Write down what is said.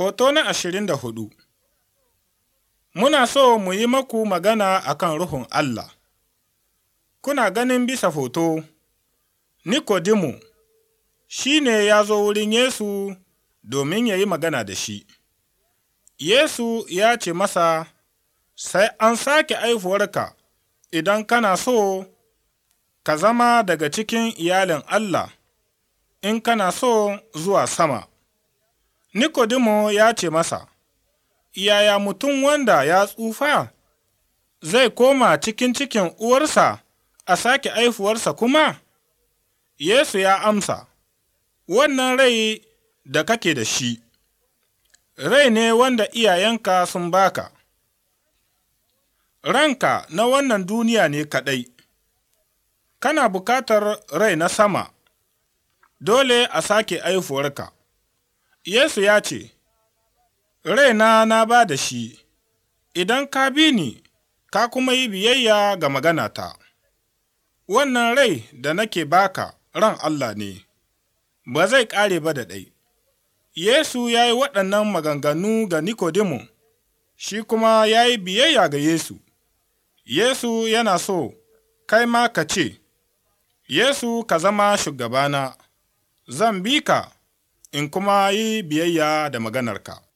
Hoto na ashirin da hudu Muna so mu yi maku magana a kan Ruhun Allah. Kuna ganin bisa hoto, Nikodimu shi ne ya zo wurin Yesu domin ya yi magana da shi. Yesu ya ce masa, Sai an sake aifuwarka idan kana so ka zama daga cikin iyalin Allah, in kana so zuwa sama. Nikodimo ya ce masa, Yaya mutum wanda ya tsufa zai koma cikin cikin uwarsa a sake aifuwarsa kuma? Yesu ya amsa, Wannan rai da kake da shi, rai ne wanda iyayenka sun baka, ranka na wannan duniya ne kaɗai, kana bukatar rai na sama, dole a sake aifuwarka. Yesu ya ce, Raina na ba da shi, idan ka bi ni, ka kuma yi biyayya ga magana ta. wannan rai da nake baka ran Allah ne, ba zai ƙare ba da ɗai. Yesu ya yi waɗannan maganganu ga Nikodimu. shi kuma ya yi biyayya ga Yesu. Yesu yana so, kai ma ka ce, Yesu ka zama shugabana, zan bi ka in kuma yi biyayya da maganarka.